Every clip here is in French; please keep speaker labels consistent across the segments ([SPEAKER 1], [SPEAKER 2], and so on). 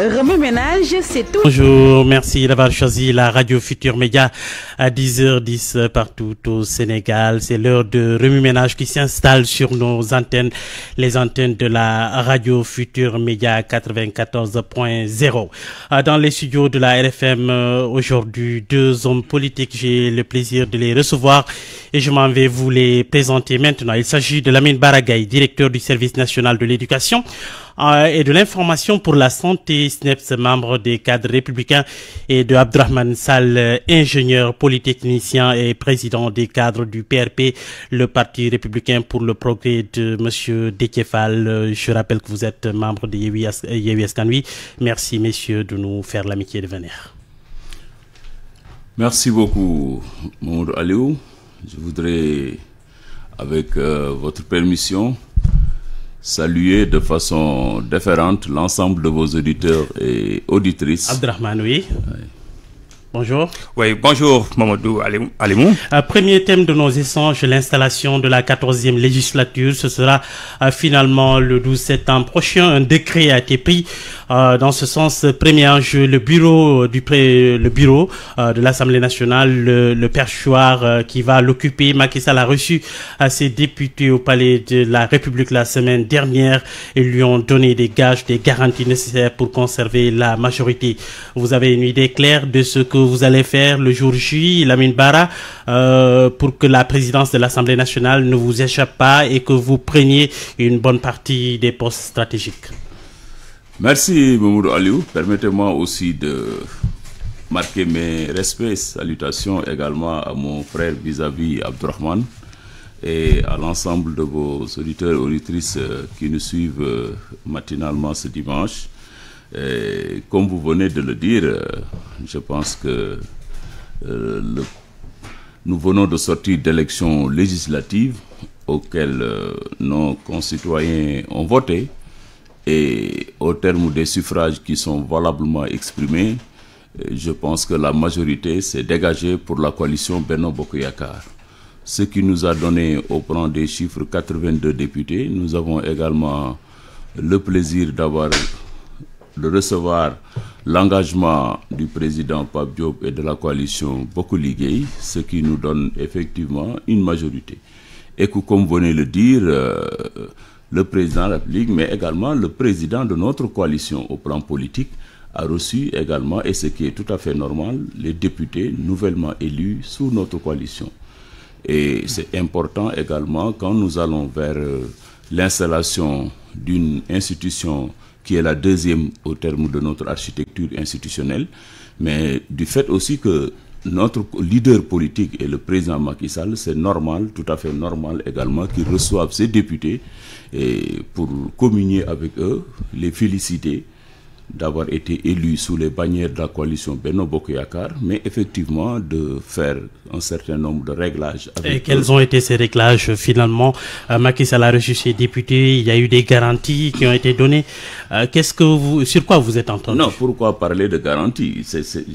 [SPEAKER 1] Remue ménage, c'est tout. Bonjour, merci d'avoir choisi la radio Future Média à 10h10 partout au Sénégal. C'est l'heure de Remue ménage qui s'installe sur nos antennes, les antennes de la radio Future Média 94.0. Ah, dans les studios de la RFM euh, aujourd'hui, deux hommes politiques, j'ai le plaisir de les recevoir et je m'en vais vous les présenter maintenant. Il s'agit de Lamine Baragay, directeur du service national de l'éducation. Euh, et de l'information pour la santé, SNEPS, membre des cadres républicains, et de Abdrahman Sal, euh, ingénieur polytechnicien et président des cadres du PRP, le Parti républicain pour le progrès de Monsieur Dekefal. Euh, je rappelle que vous êtes membre de Yewi Merci, messieurs, de nous faire l'amitié de venir.
[SPEAKER 2] Merci beaucoup, Mour Aliou. Je voudrais, avec votre permission, saluer de façon différente l'ensemble de vos auditeurs et auditrices.
[SPEAKER 1] Abdrahman, oui.
[SPEAKER 2] Bonjour. Oui, bonjour Mamadou
[SPEAKER 3] Alimou.
[SPEAKER 1] Euh, premier thème de nos échanges, l'installation de la 14e législature. Ce sera euh, finalement le 12 septembre prochain. Un décret a été pris euh, dans ce sens, premier enjeu, le bureau euh, du pré, euh, le bureau de l'Assemblée nationale, le, perchoir qui va l'occuper. Macky Sall a reçu à ses députés au palais de la République la semaine dernière et lui ont donné des gages, des garanties nécessaires pour conserver la majorité. Vous avez une idée claire de ce que vous allez faire le jour J, Lamine Barra, pour que la présidence de l'Assemblée nationale ne vous échappe pas et que vous preniez une bonne partie des postes stratégiques.
[SPEAKER 2] Merci, Mamoud Aliou. Permettez-moi aussi de marquer mes respects, salutations également à mon frère vis-à-vis Abdurrahman et à l'ensemble de vos auditeurs et auditrices euh, qui nous suivent euh, matinalement ce dimanche. comme vous venez de le dire, euh, je pense que nous venons de sortir d'élections législatives auxquelles nos concitoyens ont voté et au terme des suffrages qui sont valablement exprimés, euh, je pense que la majorité s'est dégagée pour la coalition Benoît Bokoyakar. Ce qui nous a donné au plan des chiffres 82 députés. Nous avons également le plaisir d'avoir de recevoir l'engagement du président Pape Diop et de la coalition Bokoligay, ce qui nous donne effectivement une majorité. Et que, comme venez le dire, euh, le président de la République, mais également le président de notre coalition au plan politique, a reçu également, et ce qui est tout à fait normal, les députés nouvellement élus sous notre coalition. Et c'est important également quand nous allons vers euh, l'installation d'une institution qui est la deuxième au terme de notre architecture institutionnelle, mais du fait aussi que notre leader politique est le président Macky Sall, c'est normal, tout à fait normal également, qu'il reçoive ses députés et pour communier avec eux, les féliciter d'avoir été élu sous les bannières de la coalition Beno Bokoyakar, mais effectivement de faire un certain nombre de réglages. Avec Et quels
[SPEAKER 1] ont été ces réglages finalement euh, Macky Sall a reçu ses députés, il y a eu des garanties qui ont été données. Euh, qu'est-ce que vous, sur quoi vous êtes entendu
[SPEAKER 2] Non, pourquoi parler de garanties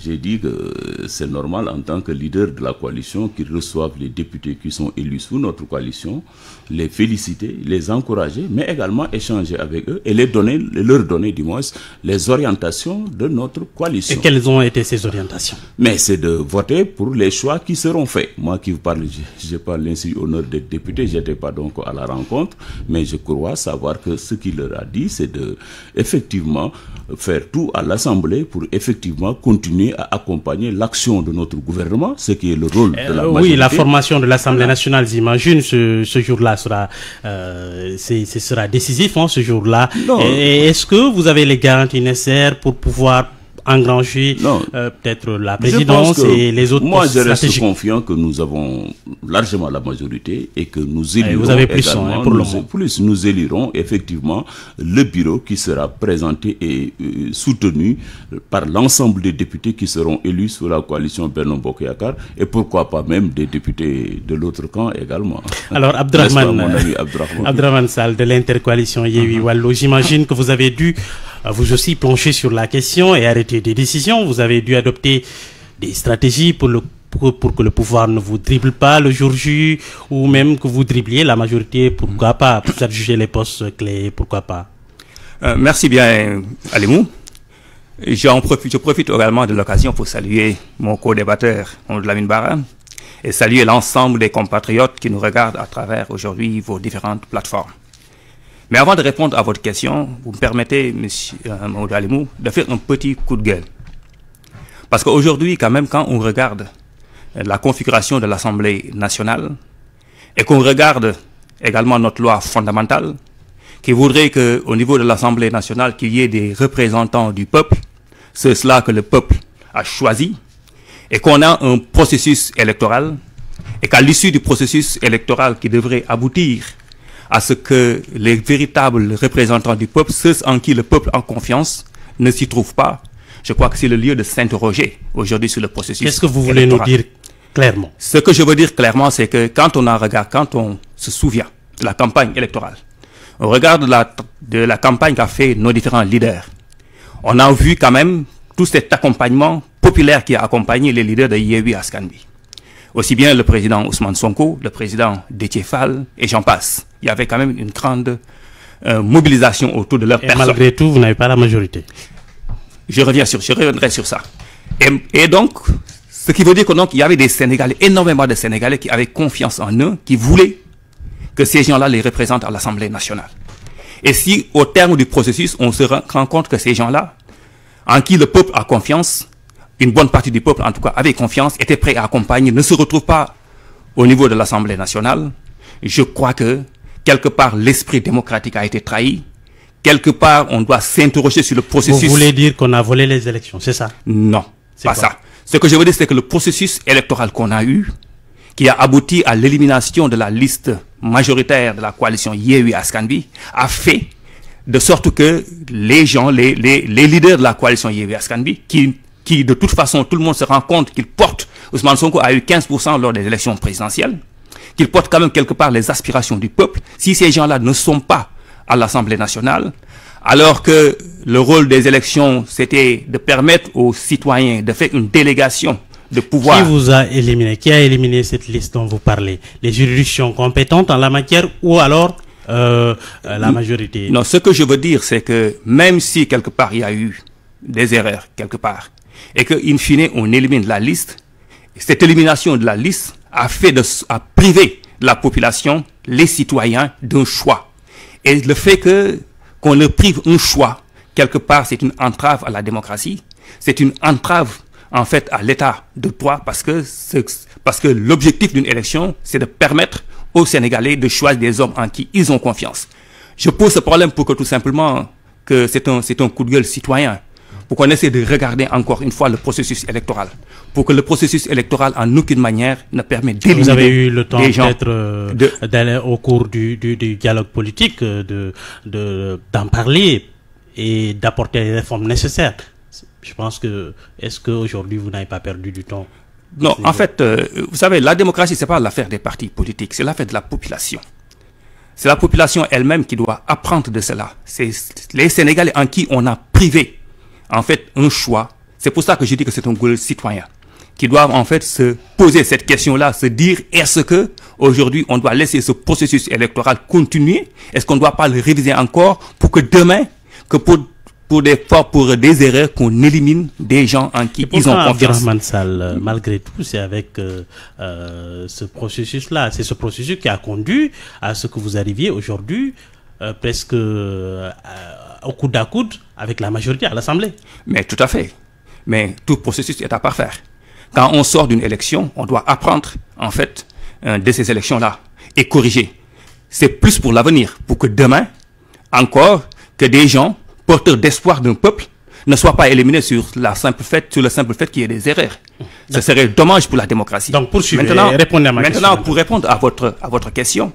[SPEAKER 2] J'ai dit que c'est normal en tant que leader de la coalition qu'ils reçoivent les députés qui sont élus sous notre coalition, les féliciter, les encourager, mais également échanger avec eux et les donner, leur donner du moins les orientations de notre coalition. Et quelles
[SPEAKER 1] ont été ces orientations
[SPEAKER 2] Mais c'est de voter pour les choix qui seront faits. Moi qui vous parle, je, parle ainsi honneur des députés, je n'étais pas donc à la rencontre, mais je crois savoir que ce qu'il leur a dit, c'est de effectivement faire tout à l'Assemblée pour effectivement continuer à accompagner l'action de notre gouvernement, ce qui est le rôle de la euh, majorité. Oui, la
[SPEAKER 1] formation de l'Assemblée nationale, j'imagine, ce, jour-là sera, euh, sera décisif, en hein, ce jour-là. Est-ce que vous avez les garanties pour pouvoir engranger euh, peut-être la présidence et les autres Moi, je reste
[SPEAKER 2] confiant que nous avons largement la majorité et que nous élirons. vous avez plus, hein, le plus nous élirons effectivement le bureau qui sera présenté et euh, soutenu euh, par l'ensemble des députés qui seront élus sur la coalition Bernard Bokyakar et pourquoi pas même des députés de l'autre camp également. Alors, Abdrahman,
[SPEAKER 1] Sal de l'intercoalition Yewi uh-huh. Wallo, j'imagine que vous avez dû euh, vous aussi penchez sur la question et arrêter des décisions. Vous avez dû adopter des stratégies pour que le pouvoir ne vous dribble pas le jour J ou même que vous dribbliez la majorité, pourquoi pas, pour faire juger les postes clés, pourquoi pas
[SPEAKER 3] euh, Merci bien, Alimou. je profite également de l'occasion pour saluer mon co-débatteur, Lamine Barra, et saluer l'ensemble des compatriotes qui nous regardent à travers aujourd'hui vos différentes plateformes. Mais avant de répondre à votre question, vous me permettez, M. Euh, Oudalimou, de faire un petit coup de gueule. Parce qu'aujourd'hui, quand même, quand on regarde euh, la configuration de l'Assemblée nationale et qu'on regarde également notre loi fondamentale, qui voudrait qu'au niveau de l'Assemblée nationale, qu'il y ait des représentants du peuple, c'est cela que le peuple a choisi, et qu'on a un processus électoral, et qu'à l'issue du processus électoral qui devrait aboutir à ce que les véritables représentants du peuple, ceux en qui le peuple a confiance, ne s'y trouvent pas. Je crois que c'est le lieu de s'interroger aujourd'hui sur le processus. Qu'est-ce que vous voulez nous dire clairement Ce que je veux dire clairement, c'est que quand on regarde, quand on se souvient de la campagne électorale, on regarde la, de la campagne qu'a fait nos différents leaders, on a vu quand même tout cet accompagnement populaire qui a accompagné les leaders de Yewi Askanbi. Aussi bien le président Ousmane Sonko, le président Détiefal, et j'en passe. Il y avait quand même une grande euh, mobilisation autour de leur et malgré tout, vous n'avez pas la majorité. Je reviens sur, je reviendrai sur ça. Et, et donc, ce qui veut dire qu'il y avait des Sénégalais, énormément de Sénégalais qui avaient confiance en eux, qui voulaient que ces gens-là les représentent à l'Assemblée nationale. Et si, au terme du processus, on se rend compte que ces gens-là, en qui le peuple a confiance, une bonne partie du peuple, en tout cas, avait confiance, était prêt à accompagner, ne se retrouve pas au niveau de l'Assemblée nationale. Je crois que, quelque part, l'esprit démocratique a été trahi. Quelque part, on doit s'interroger sur le processus. Vous voulez dire qu'on a volé les élections, c'est ça Non, pas ça. Ce que je veux dire, c'est que le processus électoral qu'on a eu, qui a abouti à l'élimination de la liste majoritaire de la coalition Yehui Askanbi, a fait de sorte que les gens, les, les, les leaders de la coalition Yehui Askanbi, qui qui de toute façon tout le monde se rend compte qu'il porte, Ousmane Sonko a eu 15% lors des élections présidentielles, qu'il porte quand même quelque part les aspirations du peuple, si ces gens-là ne sont pas à l'Assemblée nationale, alors que le rôle des élections, c'était de permettre aux citoyens de faire une délégation de pouvoir. Qui vous a éliminé Qui
[SPEAKER 1] a éliminé cette liste dont vous parlez Les juridictions compétentes en la matière ou alors euh,
[SPEAKER 3] euh, la majorité Non, ce que je veux dire, c'est que même si quelque part il y a eu des erreurs, quelque part, et que, in fine, on élimine la liste, cette élimination de la liste a fait de, a privé la population, les citoyens d'un choix. Et le fait que, qu'on leur prive un choix, quelque part, c'est une entrave à la démocratie, c'est une entrave en fait à l'état de droit parce que parce que l'objectif d'une élection c'est de permettre aux Sénégalais de choisir des hommes en qui ils ont confiance. Je pose ce problème pour que tout simplement que c'est un c'est un coup de gueule citoyen pour qu'on essaie de regarder encore une fois le processus électoral, pour que le processus électoral en aucune manière ne permette d'éliminer Vous avez eu le temps peut-être euh,
[SPEAKER 1] d'aller au cours du, dialogue politique, euh, de d'en parler et d'apporter les réformes nécessaires. Je pense que, est-ce qu'aujourd'hui vous n'avez pas perdu du temps Non, en
[SPEAKER 3] fait, euh, vous savez, la démocratie, ce n'est pas l'affaire des partis politiques, c'est l'affaire de la population. C'est la population elle-même qui doit apprendre de cela. C'est les Sénégalais en qui on a privé en fait un choix. C'est pour ça que je dis que c'est un goal citoyen qui doivent en fait se poser cette question-là, se dire est-ce que aujourd'hui on doit laisser ce processus électoral continuer Est-ce qu'on ne doit pas le réviser encore pour que demain, que pour pour des pour des erreurs qu'on élimine des gens en qui ils ont confiance.
[SPEAKER 1] Euh, malgré tout, c'est avec euh, euh, ce processus-là, c'est ce processus qui a conduit à ce que vous arriviez aujourd'hui
[SPEAKER 3] presque au coude à coude avec la majorité à l'Assemblée. Mais tout à fait. Mais tout processus est à parfaire. Quand on sort d'une élection, on doit apprendre, en fait, euh, de ces élections-là et corriger. C'est plus pour l'avenir, pour que demain, encore, que des gens, porteurs d'espoir d'un peuple, ne soient pas éliminés sur, la simple sur le simple fait qu'il y ait des erreurs. Ce serait dommage pour la démocratie. Donc, pour maintenant, maintenant pour répondre à votre, à votre question,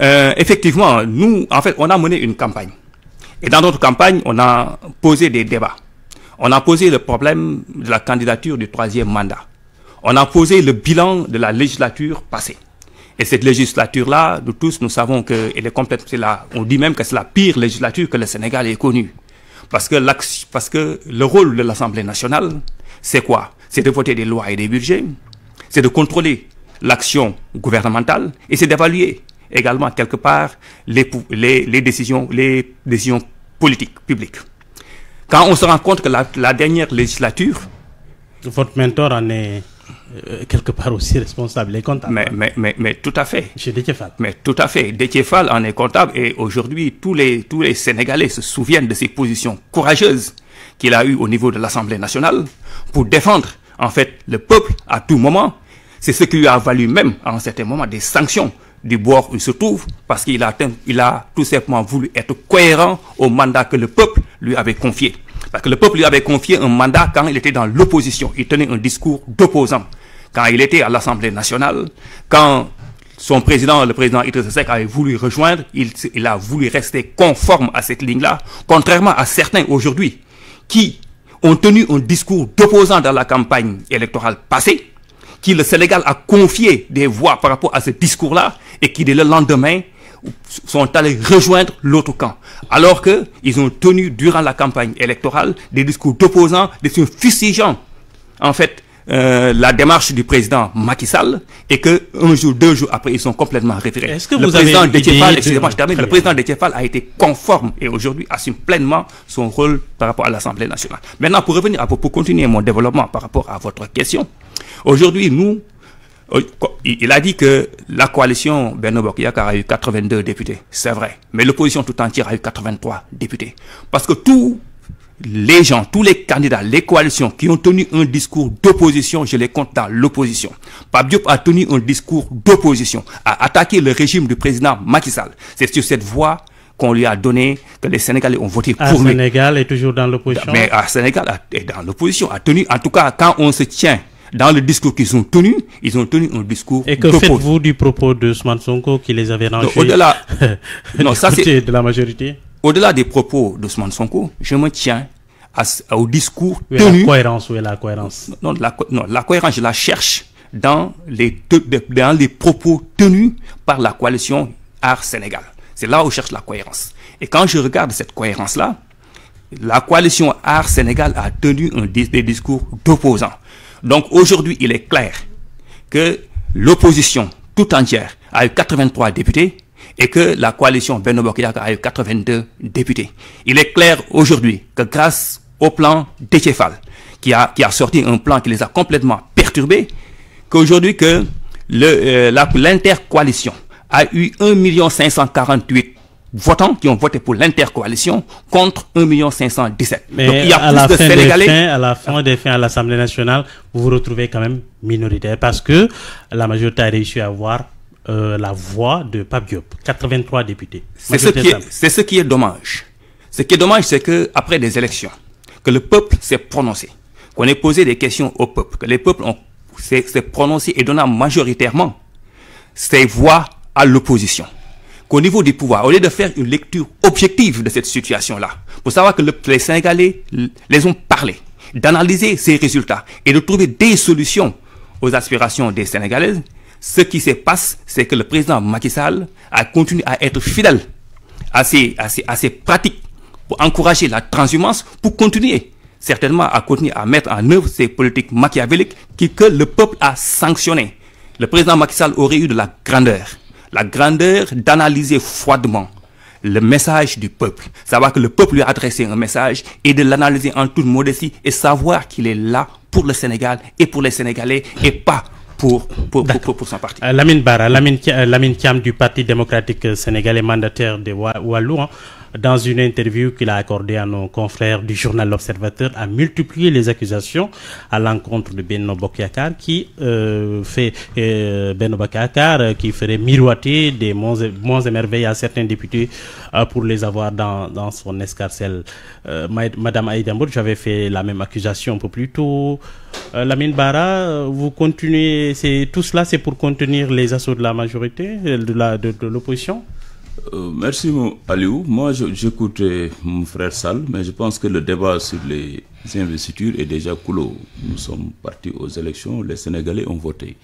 [SPEAKER 3] euh, effectivement, nous, en fait, on a mené une campagne. Et dans notre campagne, on a posé des débats. On a posé le problème de la candidature du troisième mandat. On a posé le bilan de la législature passée. Et cette législature-là, nous tous, nous savons qu'elle est complète. on dit même que c'est la pire législature que le Sénégal ait connue. Parce que, parce que le rôle de l'Assemblée nationale, c'est quoi C'est de voter des lois et des budgets, c'est de contrôler l'action gouvernementale et c'est d'évaluer également quelque part les, les, décisions, les décisions politique publique. Quand on se rend compte que la, dernière législature...
[SPEAKER 1] Votre mentor en est euh, quelque part
[SPEAKER 3] aussi responsable et comptable. Mais, mais, tout à fait. Chez Mais tout à fait. Détiéfal en est comptable et aujourd'hui, tous les, tous les Sénégalais se souviennent de ses positions courageuses qu'il a eues au niveau de l'Assemblée nationale pour défendre, en fait, le peuple à tout moment. C'est ce qui lui a valu même, en certains moments des sanctions du bord où il se trouve, parce qu'il a, il a tout simplement voulu être cohérent au mandat que le peuple lui avait confié. Parce que le peuple lui avait confié un mandat quand il était dans l'opposition. Il tenait un discours d'opposant. Quand il était à l'Assemblée nationale, quand son président, le président Idriss avait voulu rejoindre, il, il a voulu rester conforme à cette ligne-là, contrairement à certains aujourd'hui qui ont tenu un discours d'opposant dans la campagne électorale passée, qui le Sénégal a confié des voix par rapport à ce discours-là, et qui, dès le lendemain, sont allés rejoindre l'autre camp. Alors que ils ont tenu durant la campagne électorale des discours d'opposants, des discours fustigeants, en fait, euh, la démarche du président Macky Sall et que un jour, deux jours après, ils sont complètement référés. Est-ce que le président de excusez-moi, je termine, le président a été conforme et aujourd'hui assume pleinement son rôle par rapport à l'Assemblée nationale. Maintenant, pour revenir, à, pour continuer mon développement par rapport à votre question, aujourd'hui, nous, Oh, il a dit que la coalition Beno Bokiyakar a eu 82 députés, c'est vrai. Mais l'opposition tout entière a eu 83 députés. Parce que tous les gens, tous les candidats, les coalitions qui ont tenu un discours d'opposition, je les compte dans l'opposition. Pabdiop a tenu un discours d'opposition, a attaqué le régime du président Macky Sall. C'est sur cette voie qu'on lui a donné, que les Sénégalais ont voté pour lui. Le
[SPEAKER 1] Sénégal est toujours dans l'opposition. Mais
[SPEAKER 3] à Sénégal est dans l'opposition, a tenu, en tout cas, quand on se tient dans le discours qu'ils ont tenu, ils ont tenu un discours. Et que faites-vous
[SPEAKER 1] du propos de Sonko qui les avait rangés au-delà
[SPEAKER 3] de la majorité Au-delà des propos de Sonko, je me tiens au discours tenu. la cohérence, ou la cohérence non, la, cohérence, je la cherche dans les, dans les propos tenus par la coalition Art Sénégal. C'est là où je cherche la cohérence. Et quand je regarde cette cohérence-là, la coalition Art Sénégal a tenu un, des discours d'opposants. Donc aujourd'hui, il est clair que l'opposition tout entière a eu 83 députés et que la coalition Benno a eu 82 députés. Il est clair aujourd'hui que grâce au plan d'Echefal, qui a, qui a sorti un plan qui les a complètement perturbés, qu'aujourd'hui que euh, l'intercoalition a eu 1 548 votants qui ont voté pour l'intercoalition contre 1 million Mais Donc, il y a à plus la de fin Sénégalais. Des
[SPEAKER 1] à la fin des fins à l'Assemblée nationale, vous vous retrouvez quand même minoritaire parce que la majorité a réussi à avoir euh, la voix de Pape Diop, 83 députés.
[SPEAKER 3] C'est ce, qui est, dommage. Ce qui est dommage, c'est que après des élections, que le peuple s'est prononcé, qu'on ait posé des questions au peuple, que les peuples s'est prononcé et donnant majoritairement ses voix à l'opposition au niveau du pouvoir, au lieu de faire une lecture objective de cette situation-là, pour savoir que les Sénégalais les ont parlé, d'analyser ces résultats et de trouver des solutions aux aspirations des Sénégalaises, ce qui se passe, c'est que le président Macky Sall a continué à être fidèle à ses, à ses, pratiques pour encourager la transhumance, pour continuer certainement à continuer à mettre en œuvre ces politiques machiavéliques que le peuple a sanctionnées. Le président Macky Sall aurait eu de la grandeur la grandeur d'analyser froidement le message du peuple, savoir que le peuple lui a adressé un message et de l'analyser en toute modestie et savoir qu'il est là pour le Sénégal et pour les Sénégalais et pas pour, pour, son parti.
[SPEAKER 1] Euh, Lamine Barra, Lamine, Kiam euh, du Parti démocratique sénégalais mandataire de Wallou. Hein dans une interview qu'il a accordée à nos confrères du journal L'Observateur, a multiplié les accusations à l'encontre de Benno Bokyakar qui euh, fait euh, Benno euh, qui ferait miroiter des monts émerveilles à certains députés euh, pour les avoir dans, son escarcelle. Madame Aïdambour, j'avais fait la même accusation un peu plus tôt. Lamine Bara, vous continuez, tout cela c'est pour contenir les assauts de la majorité, de l'opposition
[SPEAKER 2] euh, merci merci Aliou. Moi, j'écoute mon frère Sal, mais je pense que le débat sur les investitures est déjà clos. Nous sommes partis aux élections, les Sénégalais ont voté.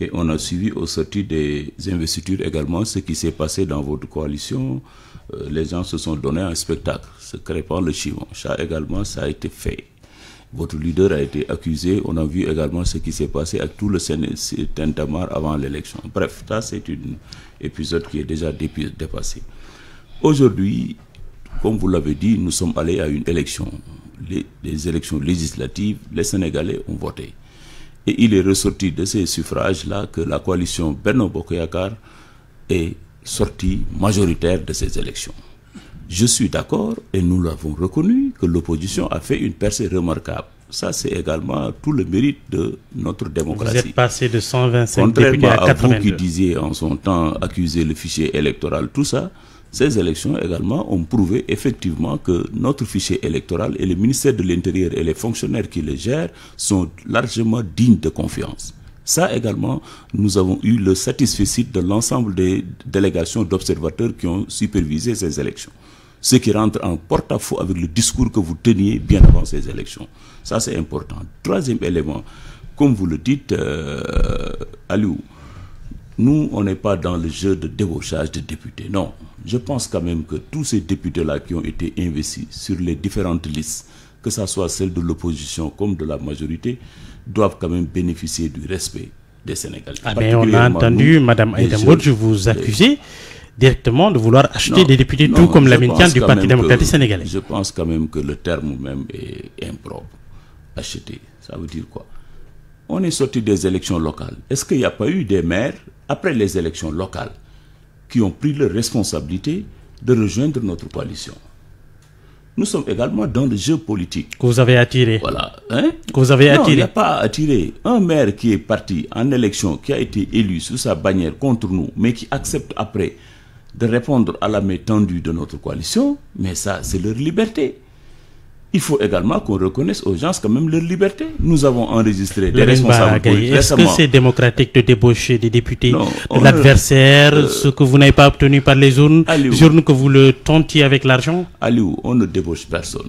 [SPEAKER 2] Et on a suivi au sorti des investitures également ce qui s'est passé dans votre coalition. Euh, les gens se sont donnés un spectacle, se crépant le chivon. Ça également, ça a été fait. Votre leader a été accusé. On a vu également ce qui s'est passé à tout le Sénégal avant l'élection. Bref, ça c'est un épisode qui est déjà dépassé. Aujourd'hui, comme vous l'avez dit, nous sommes allés à une élection. Les, élections législatives, les Sénégalais ont voté. Et il est ressorti de ces suffrages-là que la coalition Bernard Bokoyakar est sortie majoritaire de ces élections. Je suis d'accord, et nous l'avons reconnu, que l'opposition a fait une percée remarquable. Ça, c'est également tout le mérite de notre démocratie. Vous êtes passé de 125 Contrairement à, vous qui disiez en son temps accuser le fichier électoral, tout ça, ces élections également ont prouvé effectivement que notre fichier électoral et le ministère de l'Intérieur et les fonctionnaires qui le gèrent sont largement dignes de confiance. Ça également, nous avons eu le satisfait de l'ensemble des délégations d'observateurs qui ont supervisé ces élections ce qui rentre en porte-à-faux avec le discours que vous teniez bien avant ces élections. Ça, c'est important. Troisième élément, comme vous le dites, euh, nous, on n'est pas dans le jeu de débauchage de députés. Non, je pense quand même que tous ces députés-là qui ont été investis sur les différentes listes, que ce soit celle de l'opposition comme de la majorité, doivent quand même bénéficier du respect des Sénégalais. Ah, mais on a entendu, Mme Madame je vous accuser
[SPEAKER 1] directement de vouloir acheter des députés tout comme l'amitié du Parti démocratique sénégalais.
[SPEAKER 2] Je pense quand même que le terme même est impropre. Acheter, ça veut dire quoi On est sorti des élections locales. Est-ce qu'il n'y a pas eu des maires, après les élections locales, qui ont pris leur responsabilité de rejoindre notre coalition nous sommes également dans le jeu politique. Que vous
[SPEAKER 1] avez attiré. Voilà.
[SPEAKER 2] Hein? Que vous avez non, attiré. il n'y a pas attiré. Un maire qui est parti en élection, qui a été élu sous sa bannière contre nous, mais qui accepte après de répondre à la main tendue de notre coalition, mais ça, c'est leur liberté. Il faut également qu'on reconnaisse aux gens quand même leur liberté. Nous avons enregistré des responsables Est-ce que c'est
[SPEAKER 1] démocratique de débaucher des députés de l'adversaire, euh, ce que vous n'avez pas obtenu par les urnes, les urnes que vous le tentiez avec l'argent
[SPEAKER 2] Aliou, on ne débauche personne.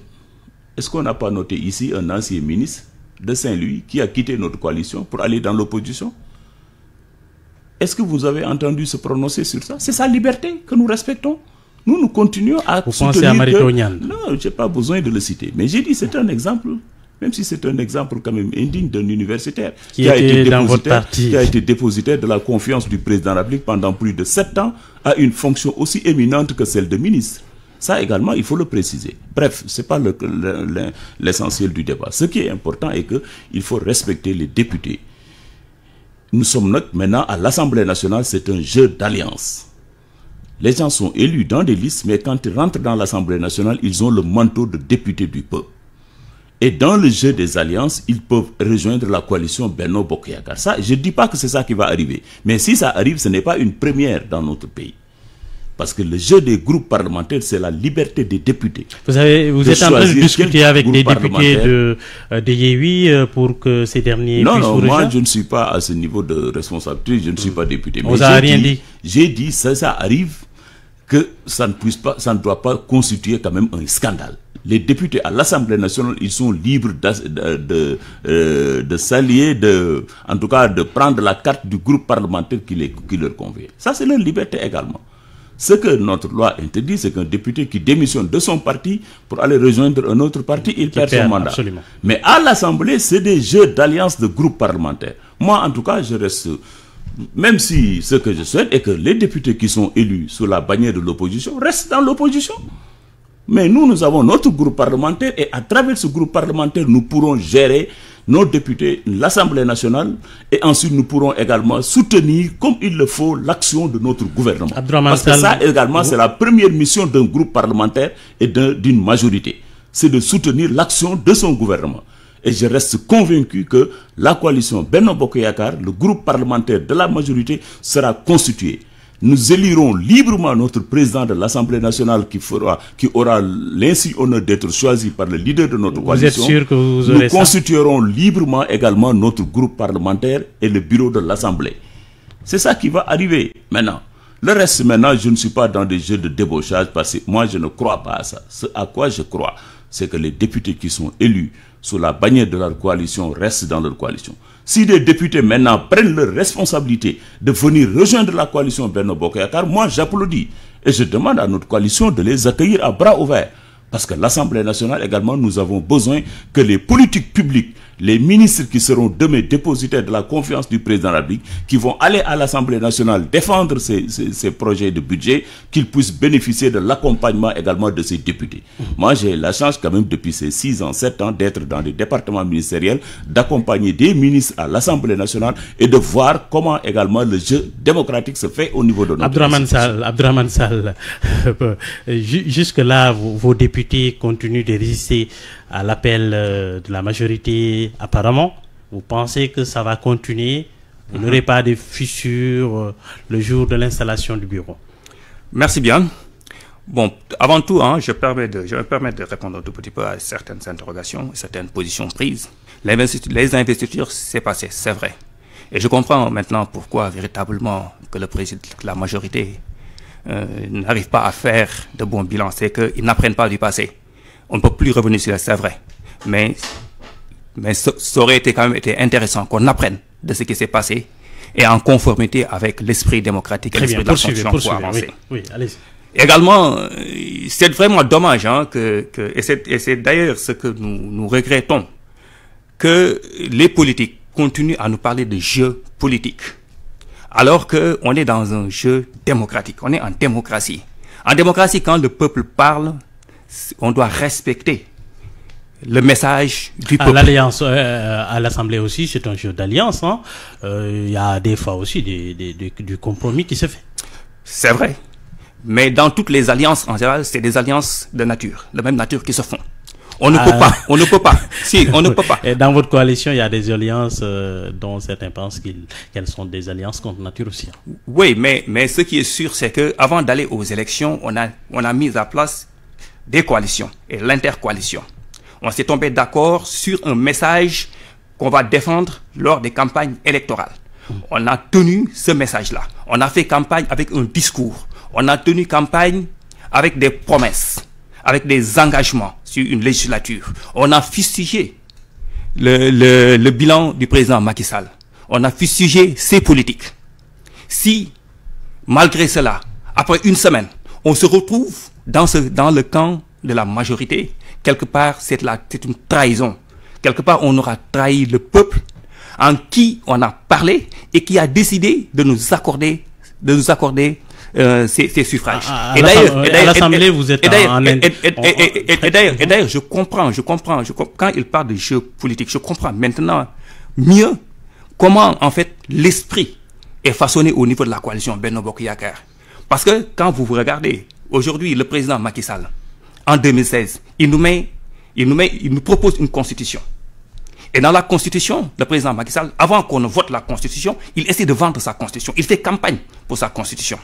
[SPEAKER 2] Est-ce qu'on n'a pas noté ici un ancien ministre de Saint-Louis qui a quitté notre coalition pour aller dans l'opposition est-ce que vous avez entendu se prononcer sur ça C'est sa liberté que nous respectons. Nous, nous continuons à Vous pensez à maritonial. Non, je n'ai pas besoin de le citer. Mais j'ai dit, c'est un exemple, même si c'est un exemple quand même indigne d'un universitaire qui, a été dans qui a été dépositaire de la confiance du président de la République pendant plus de sept ans, à une fonction aussi éminente que celle de ministre. Ça également, il faut le préciser. Bref, ce n'est pas l'essentiel du débat. Ce qui est important est qu'il faut respecter les députés. Nous sommes maintenant à l'Assemblée nationale, c'est un jeu d'alliance. Les gens sont élus dans des listes, mais quand ils rentrent dans l'Assemblée nationale, ils ont le manteau de député du peuple. Et dans le jeu des alliances, ils peuvent rejoindre la coalition Benoît Bokeyakar. Ça, je ne dis pas que c'est ça qui va arriver. Mais si ça arrive, ce n'est pas une première dans notre pays. Parce que le jeu des groupes parlementaires, c'est la liberté des députés. Vous, êtes en train de discuter avec des députés de,
[SPEAKER 1] euh, de euh, pour que ces derniers non, Non, moi, je
[SPEAKER 2] ne suis pas à ce niveau de responsabilité, je ne suis hmm. pas député. Vous n'avez rien dit. J'ai dit, ça, ça arrive que ça ne, puisse pas, ça ne doit pas constituer quand même un scandale les députés à l'Assemblée nationale, ils sont libres de, euh, de, s'allier, de, en tout cas de prendre la carte du groupe parlementaire qui, qui leur convient. Ça, c'est leur liberté également. Ce que notre loi interdit, c'est qu'un député qui démissionne de son parti pour aller rejoindre un autre parti, il perd, son mandat. Mais à l'Assemblée, c'est des jeux d'alliance de groupes parlementaires. Moi, en tout cas, je reste même si ce que je souhaite est que les députés qui sont élus sous la bannière de l'opposition restent dans l'opposition. Mais nous, nous avons notre groupe parlementaire et à travers ce groupe parlementaire, nous pourrons gérer nos députés, l'Assemblée nationale, et ensuite nous pourrons également soutenir, comme il le faut, l'action de notre gouvernement. Parce que ça également, c'est la première mission d'un groupe parlementaire et d'une majorité. C'est de soutenir l'action de son gouvernement. Et je reste convaincu que la coalition Benno Bokoyakar, le groupe parlementaire de la majorité, sera constituée nous élirons librement notre président de l'Assemblée nationale qui, fera, qui aura l'ainsi honneur d'être choisi par le leader de notre vous coalition. Êtes sûr que vous aurez nous constituerons librement également notre groupe parlementaire et le bureau de l'Assemblée. C'est ça qui va arriver maintenant. Le reste, maintenant, je ne suis pas dans des jeux de débauchage parce que moi, je ne crois pas à ça. Ce à quoi je crois, c'est que les députés qui sont élus sous la bannière de leur coalition restent dans leur coalition. Si des députés maintenant prennent leur responsabilité de venir rejoindre la coalition Bernard Bokayakar, moi j'applaudis et je demande à notre coalition de les accueillir à bras ouverts. Parce que l'Assemblée nationale également, nous avons besoin que les politiques publiques les ministres qui seront demain dépositaires de la confiance du président de la qui vont aller à l'Assemblée nationale défendre ces, projets de budget, qu'ils puissent bénéficier de l'accompagnement également de ces députés. Moi, j'ai la chance quand même depuis ces 6 ans, 7 ans d'être dans les départements ministériels, d'accompagner des ministres à l'Assemblée nationale et de voir comment également le jeu démocratique se fait au niveau de notre Abdraman Sall,
[SPEAKER 1] Abdraman Sall, euh, jusque-là, vos députés continuent de résister à l'appel euh, de la majorité apparemment. Vous pensez que ça va continuer Vous mhm. n'aurez pas de fissures euh, le jour de l'installation du bureau
[SPEAKER 3] Merci bien. Bon, avant tout, hein, je, permets je me permets de répondre un tout petit peu à certaines interrogations, certaines positions prises. les investitures, c'est passé, c'est vrai. Et je comprends maintenant pourquoi véritablement que la majorité euh, n'arrive pas à faire de bons bilans. C'est qu'ils n'apprennent pas du passé on ne peut plus revenir sur ça, c'est vrai. Mais, mais ça, aurait été quand même été intéressant qu'on apprenne de ce qui s'est passé et en conformité avec l'esprit démocratique et l'esprit de la fonction pour avancer. Oui, Également, euh, c'est vraiment dommage, hein, que, et c'est d'ailleurs ce que nous, nous regrettons, que les politiques continuent à nous parler de jeux politiques, alors qu'on est dans un jeu démocratique, on est en démocratie. En démocratie, quand le peuple parle, on doit respecter le message du peuple. À l'alliance,
[SPEAKER 1] euh, à l'Assemblée aussi, c'est un jeu d'alliance. Hein. Euh, il y a des
[SPEAKER 3] fois aussi du compromis qui se fait. C'est vrai. Mais dans toutes les alliances, en général, c'est des alliances de nature, de même nature qui se font. On ne ah. peut pas, on ne peut pas.
[SPEAKER 1] Si, on ne peut pas. Et dans votre coalition, il y a des alliances euh, dont certains pensent qu'elles sont
[SPEAKER 3] des alliances contre nature aussi. Hein. Oui, mais, mais ce qui est sûr, c'est que avant d'aller aux élections, on a, on a mis à place des coalitions et l'intercoalition. On s'est tombé d'accord sur un message qu'on va défendre lors des campagnes électorales. On a tenu ce message-là. On a fait campagne avec un discours. On a tenu campagne avec des promesses, avec des engagements sur une législature. On a fustigé le, le, le bilan du président Macky Sall. On a fustigé ses politiques. Si, malgré cela, après une semaine, on se retrouve dans, ce, dans le camp de la majorité, quelque part, c'est une trahison. Quelque part, on aura trahi le peuple en qui on a parlé et qui a décidé de nous accorder, de nous accorder euh, ces, suffrages. et l'Assemblée, vous êtes Et d'ailleurs, je comprends, je comprends, je quand il parle de jeu politique, je comprends maintenant mieux comment, en fait, l'esprit est façonné au niveau de la coalition Benno Bokuyakar. Parce que quand vous vous regardez, Aujourd'hui, le président Macky Sall, en 2016, il nous, met, il, nous met, il nous propose une constitution. Et dans la constitution, le président Macky Sall, avant qu'on ne vote la constitution, il essaie de vendre sa constitution. Il fait campagne pour sa constitution.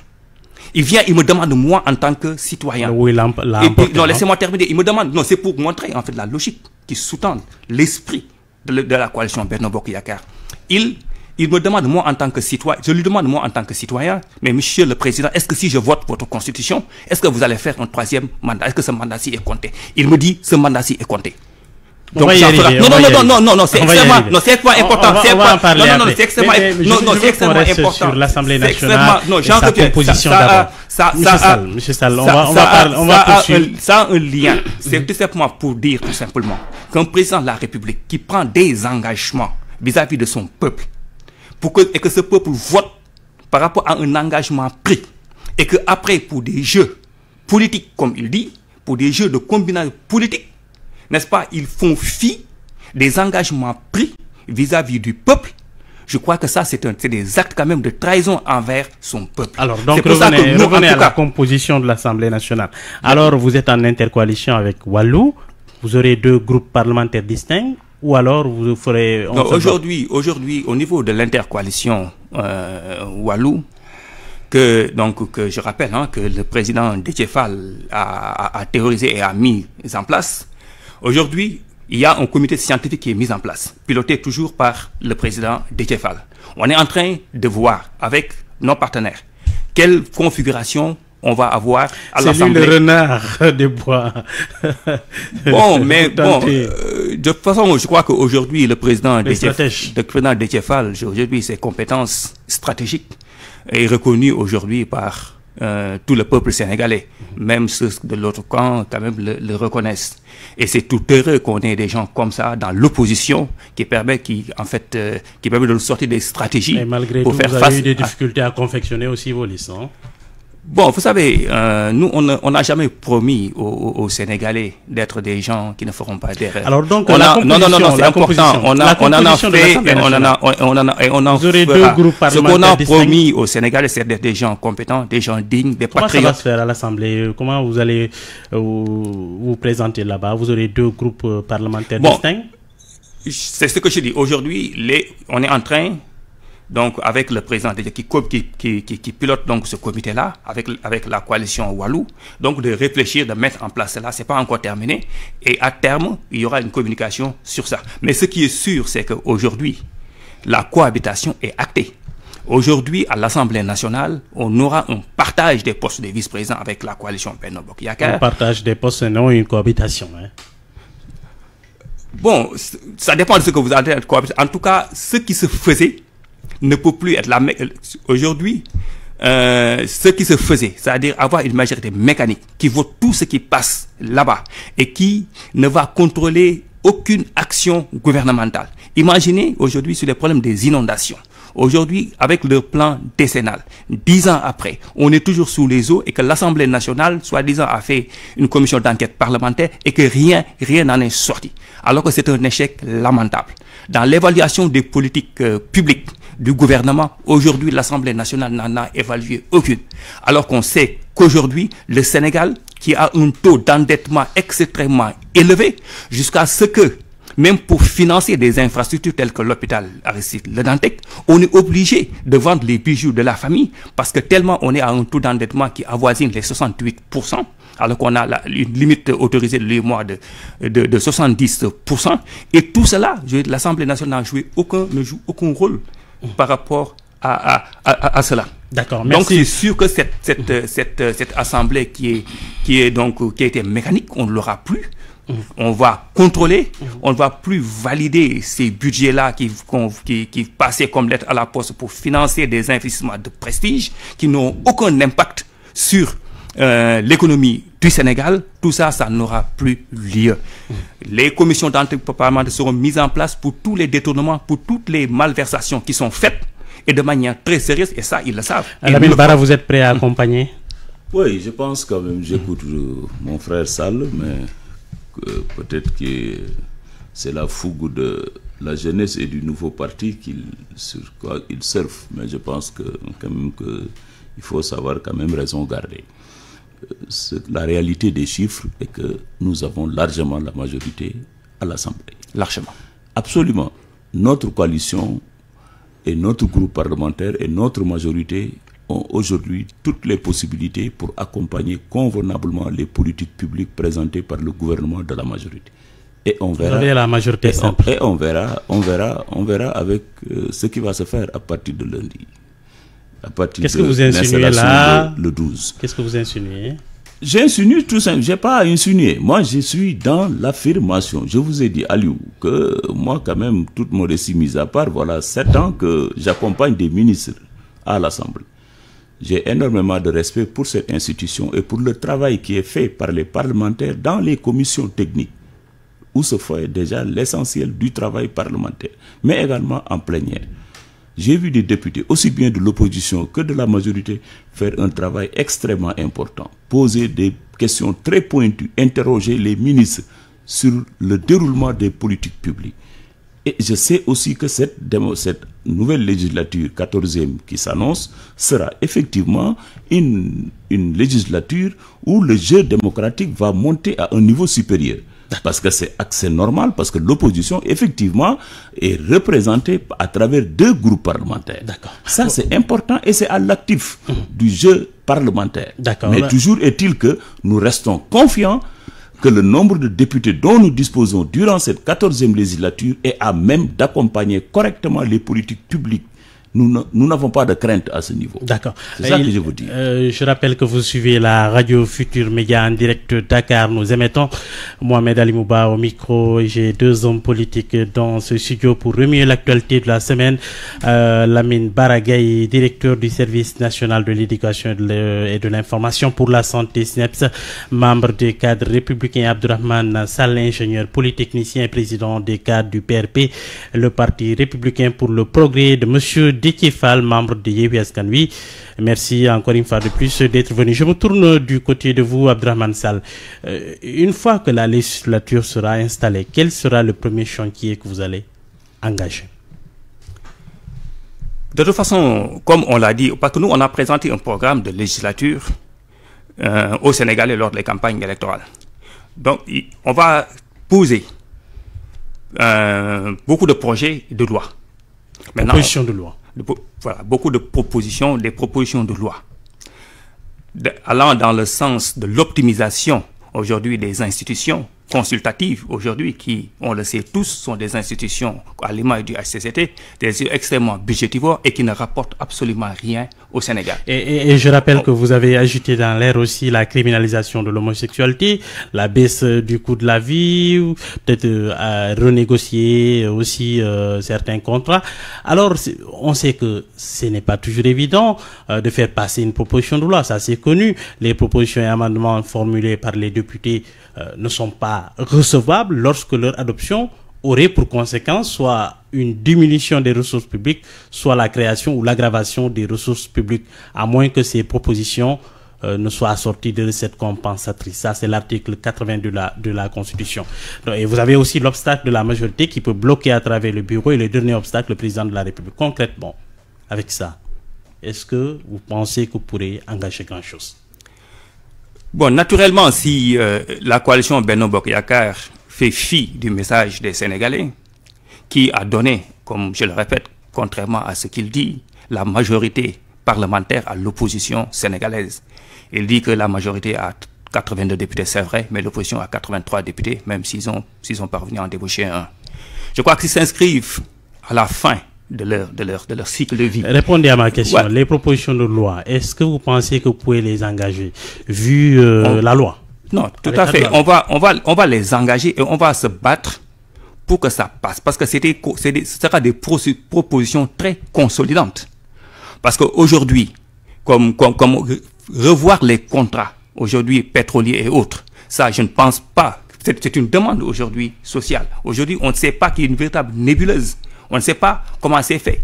[SPEAKER 3] Il vient, il me demande, moi, en tant que citoyen. non, hein. laissez-moi terminer. Il me demande, non, c'est pour montrer, en fait, la logique qui sous-tend l'esprit de, la coalition Bernard Bokiyakar. Il il me demande moi en tant que citoyen, je lui demande moi en tant que citoyen, mais monsieur le président, est-ce que si je vote votre constitution, est-ce que vous allez faire un troisième mandat Est-ce que ce mandat-ci est compté Il me dit, ce mandat-ci est compté. Donc, on va non, non, non, non, non, non, non, c'est extrêmement, non, c'est extrêmement important. non, non, non, c'est extrêmement, important. non, non, c'est extrêmement important. Sur l'Assemblée nationale, non, et sa composition Ça, ça, ça, Monsieur Sall, on va, on va parler, on va poursuivre. Ça a un lien. C'est tout simplement pour dire, tout simplement, qu'un président de la République qui prend des engagements vis à -vis de son peuple, et que ce peuple vote par rapport à un engagement pris. Et que après, pour des jeux politiques, comme il dit, pour des jeux de combinaison politique, n'est-ce pas, ils font fi des engagements pris vis-à-vis du peuple. Je crois que ça, c'est des actes quand même de trahison envers son peuple. Alors, donc, revenez, à la
[SPEAKER 1] composition de l'Assemblée nationale. Alors, vous êtes en intercoalition avec Wallou. Vous aurez deux groupes parlementaires distincts ou alors vous ferez... Aujourd'hui,
[SPEAKER 3] aujourd'hui, au niveau de l'intercoalition euh, Wallou, que, donc, que je rappelle hein, que le président Détiéfal a, terrorisé théorisé et a mis en place, aujourd'hui, il y a un comité scientifique qui est mis en place, piloté toujours par le président Détiéfal. On est en train de voir avec nos partenaires quelle configuration on va avoir à l'Assemblée. C'est le
[SPEAKER 1] renard des bois. bon, mais bon,
[SPEAKER 3] euh, de toute façon, je crois qu'aujourd'hui, le président de Tchéfal aujourd'hui, ses compétences stratégiques est reconnu aujourd'hui par euh, tout le peuple sénégalais, même ceux de l'autre camp, quand même, le, reconnaissent. Et c'est tout heureux qu'on ait des gens comme ça dans l'opposition qui permet, qui, en fait, euh, qui permet de nous sortir des stratégies. malgré pour tout, faire vous avez face eu des
[SPEAKER 1] difficultés à... confectionner aussi vos licences. Hein.
[SPEAKER 3] Bon, vous savez, euh, nous, on n'a jamais promis aux, Sénégalais d'être des gens qui ne feront pas d'erreur. Alors donc, on la a, non, non, non, non c'est important. On, a, on en a fait et on en a, on en a, on en Deux groupes Ce qu'on a promis aux Sénégalais, c'est d'être des gens compétents, des gens dignes, des patriotes. Comment ça va se faire à l'Assemblée
[SPEAKER 1] Comment vous allez euh, vous présenter là-bas Vous aurez deux groupes euh, parlementaires bon, distincts
[SPEAKER 3] C'est ce que je dis. Aujourd'hui, on est en train donc avec le président qui, qui, qui, pilote donc ce comité-là, avec, avec la coalition Walou, donc de réfléchir, de mettre en place cela, ce n'est pas encore terminé, et à terme, il y aura une communication sur ça. Mais ce qui est sûr, c'est qu'aujourd'hui, la cohabitation est actée. Aujourd'hui, à l'Assemblée nationale, on aura un partage des postes de vice-président avec la coalition Penobok. Un
[SPEAKER 1] partage des postes, non une cohabitation. Hein.
[SPEAKER 3] Bon, ça dépend de ce que vous entendez. En tout cas, ce qui se faisait ne peut plus être la aujourd'hui euh, ce qui se faisait, c'est-à-dire avoir une majorité mécanique qui vote tout ce qui passe là-bas et qui ne va contrôler aucune action gouvernementale. Imaginez aujourd'hui sur les problèmes des inondations. Aujourd'hui, avec le plan décennal, dix ans après, on est toujours sous les eaux et que l'Assemblée nationale, soi-disant, a fait une commission d'enquête parlementaire et que rien, rien n'en est sorti. Alors que c'est un échec lamentable. Dans l'évaluation des politiques euh, publiques, du gouvernement. Aujourd'hui, l'Assemblée nationale n'en a évalué aucune. Alors qu'on sait qu'aujourd'hui, le Sénégal, qui a un taux d'endettement extrêmement élevé, jusqu'à ce que, même pour financer des infrastructures telles que l'hôpital Aristide Le Dantec, on est obligé de vendre les bijoux de la famille parce que tellement on est à un taux d'endettement qui avoisine les 68%, alors qu'on a une limite autorisée de mois de, de, 70%. Et tout cela, l'Assemblée nationale joue aucun, ne joue aucun rôle par rapport à, à, à, cela.
[SPEAKER 1] D'accord. merci. Donc c'est
[SPEAKER 3] sûr que cette, cette, euh, cette, euh, cette, assemblée qui est, qui est donc euh, qui a été mécanique, on ne l'aura plus. Mm-hmm. On va contrôler, mm-hmm. on ne va plus valider ces budgets-là qui, qui, qui passaient comme lettre à la poste pour financer des investissements de prestige qui n'ont aucun impact sur l'économie du Sénégal, tout ça, ça n'aura plus lieu. Les commissions d'enquête seront mises en place pour tous les détournements, pour toutes les malversations qui sont faites et de manière très sérieuse, et ça, ils le savent. Alamine Barra, vous
[SPEAKER 1] êtes prêt à accompagner
[SPEAKER 2] Oui, je pense quand même. J'écoute mon frère Salle, mais euh, peut-être que c'est la fougue de la jeunesse et du nouveau parti qu'il sur quoi il surfe. Mais je pense que quand même que il faut savoir quand même raison garder la réalité des chiffres est que nous avons largement la majorité à l'Assemblée. Largement. Absolument. Notre coalition et notre groupe parlementaire et notre majorité ont aujourd'hui toutes les possibilités pour accompagner convenablement les politiques publiques présentées par le gouvernement de la majorité. Et on verra. et on, verra, on verra, on verra avec euh, ce qui va se faire à partir de lundi. Qu'est-ce que vous insinuez là le 12.
[SPEAKER 1] Qu'est-ce que vous insinuez
[SPEAKER 2] J'insinue tout simplement, j'ai pas insinué. Moi, je suis dans l'affirmation. Je vous ai dit, Aliou, que moi, quand même, toute mon récit mis à part, voilà, sept ans que j'accompagne des ministres à l'Assemblée. J'ai énormément de respect pour cette institution et pour le travail qui est fait par les parlementaires dans les commissions techniques, où se fait déjà l'essentiel du travail parlementaire, mais également en plénière. J'ai vu des députés, aussi bien de l'opposition que de la majorité, faire un travail extrêmement important, poser des questions très pointues, interroger les ministres sur le déroulement des politiques publiques. Et je sais aussi que cette, nouvelle législature 14e qui s'annonce sera effectivement une législature où le jeu démocratique va monter à un niveau supérieur. Parce que c'est normal, parce que l'opposition, effectivement, est représentée à travers deux groupes parlementaires. D'accord. Ça, c'est important et c'est à l'actif mhm. du jeu parlementaire. Mais toujours est-il que nous restons confiants que le nombre de députés dont nous disposons durant cette 14e législature est à même d'accompagner correctement les politiques publiques nous n'avons pas de crainte à ce niveau. D'accord. C'est ça que je vous dis.
[SPEAKER 1] Euh, je rappelle que vous suivez la radio Futur Média en direct Dakar. Nous émettons Mohamed Ali Mouba au micro. J'ai deux hommes politiques dans ce studio pour remuer l'actualité de la semaine. Euh, Lamine Baragay, directeur du service national de l'éducation et de l'information pour la santé SNEPS, membre des cadres républicains Abdurrahman Sal, ingénieur polytechnicien président des cadres du PRP, le parti républicain pour le progrès de Monsieur Dikifal, membre de Yewi Merci encore une fois de plus d'être venu. Je me tourne du côté de vous, Abdrahman Sal. Euh, une fois que la législature sera installée, quel sera le premier chantier
[SPEAKER 3] que vous allez engager De toute façon, comme on l'a dit, parce que nous, on a présenté un programme de législature euh, au Sénégal lors des campagnes électorales. Donc, on va poser euh, beaucoup de projets de loi. Maintenant, Proposition de loi voilà, beaucoup de propositions, des propositions de loi allant dans le sens de l'optimisation aujourd'hui des institutions consultatives aujourd'hui qui, on le sait tous, sont des institutions à l'image du HCCT, des extrêmement budgétivores et qui ne rapportent absolument rien et, et, je
[SPEAKER 1] rappelle oh. que vous avez ajouté dans l'air aussi la criminalisation de l'homosexualité, la baisse euh, du coût de la vie, peut-être euh, à renégocier aussi euh, certains contrats. Alors, on sait que ce n'est pas toujours évident de faire passer une proposition de loi, ça c'est connu. Les propositions et amendements formulés par les députés ne sont pas recevables lorsque leur adoption aurait pour conséquence soit une diminution des ressources publiques, soit la création ou l'aggravation des ressources publiques, à moins que ces propositions euh, ne soient assorties de recettes compensatrices. Ça, c'est l'article 80 de la, Constitution. et vous avez aussi l'obstacle de la majorité qui peut bloquer à travers le bureau et le dernier obstacle, le président de la République. Concrètement, avec ça, est-ce que vous pensez que vous pourrez engager grand-chose
[SPEAKER 3] Bon, naturellement, si euh, la coalition Beno Yakar fait fi du message des Sénégalais, qui a donné, comme je le répète, contrairement à ce qu'il dit, la majorité parlementaire à l'opposition sénégalaise. Il dit que la majorité a 82 députés, c'est vrai, mais l'opposition a 83 députés, même s'ils ont, s'ils ont parvenu à en débaucher un. Je crois qu'ils s'inscrivent à la fin de leur, de, leur, de leur cycle de vie. Répondez à ma question.
[SPEAKER 1] Les propositions de loi, est-ce que vous pensez que vous pouvez les engager, vu euh, la loi Non, tout à fait.
[SPEAKER 3] On va, on, va, on va les engager et on va se battre pour que ça passe. Parce que c'était, ce sera des propositions très consolidantes. Parce qu'aujourd'hui, comme, comme, comme revoir les contrats, aujourd'hui pétroliers et autres, ça, je ne pense pas. C'est une demande aujourd'hui sociale. Aujourd'hui, on ne sait pas qu'il y a une véritable nébuleuse. On ne sait pas comment c'est fait.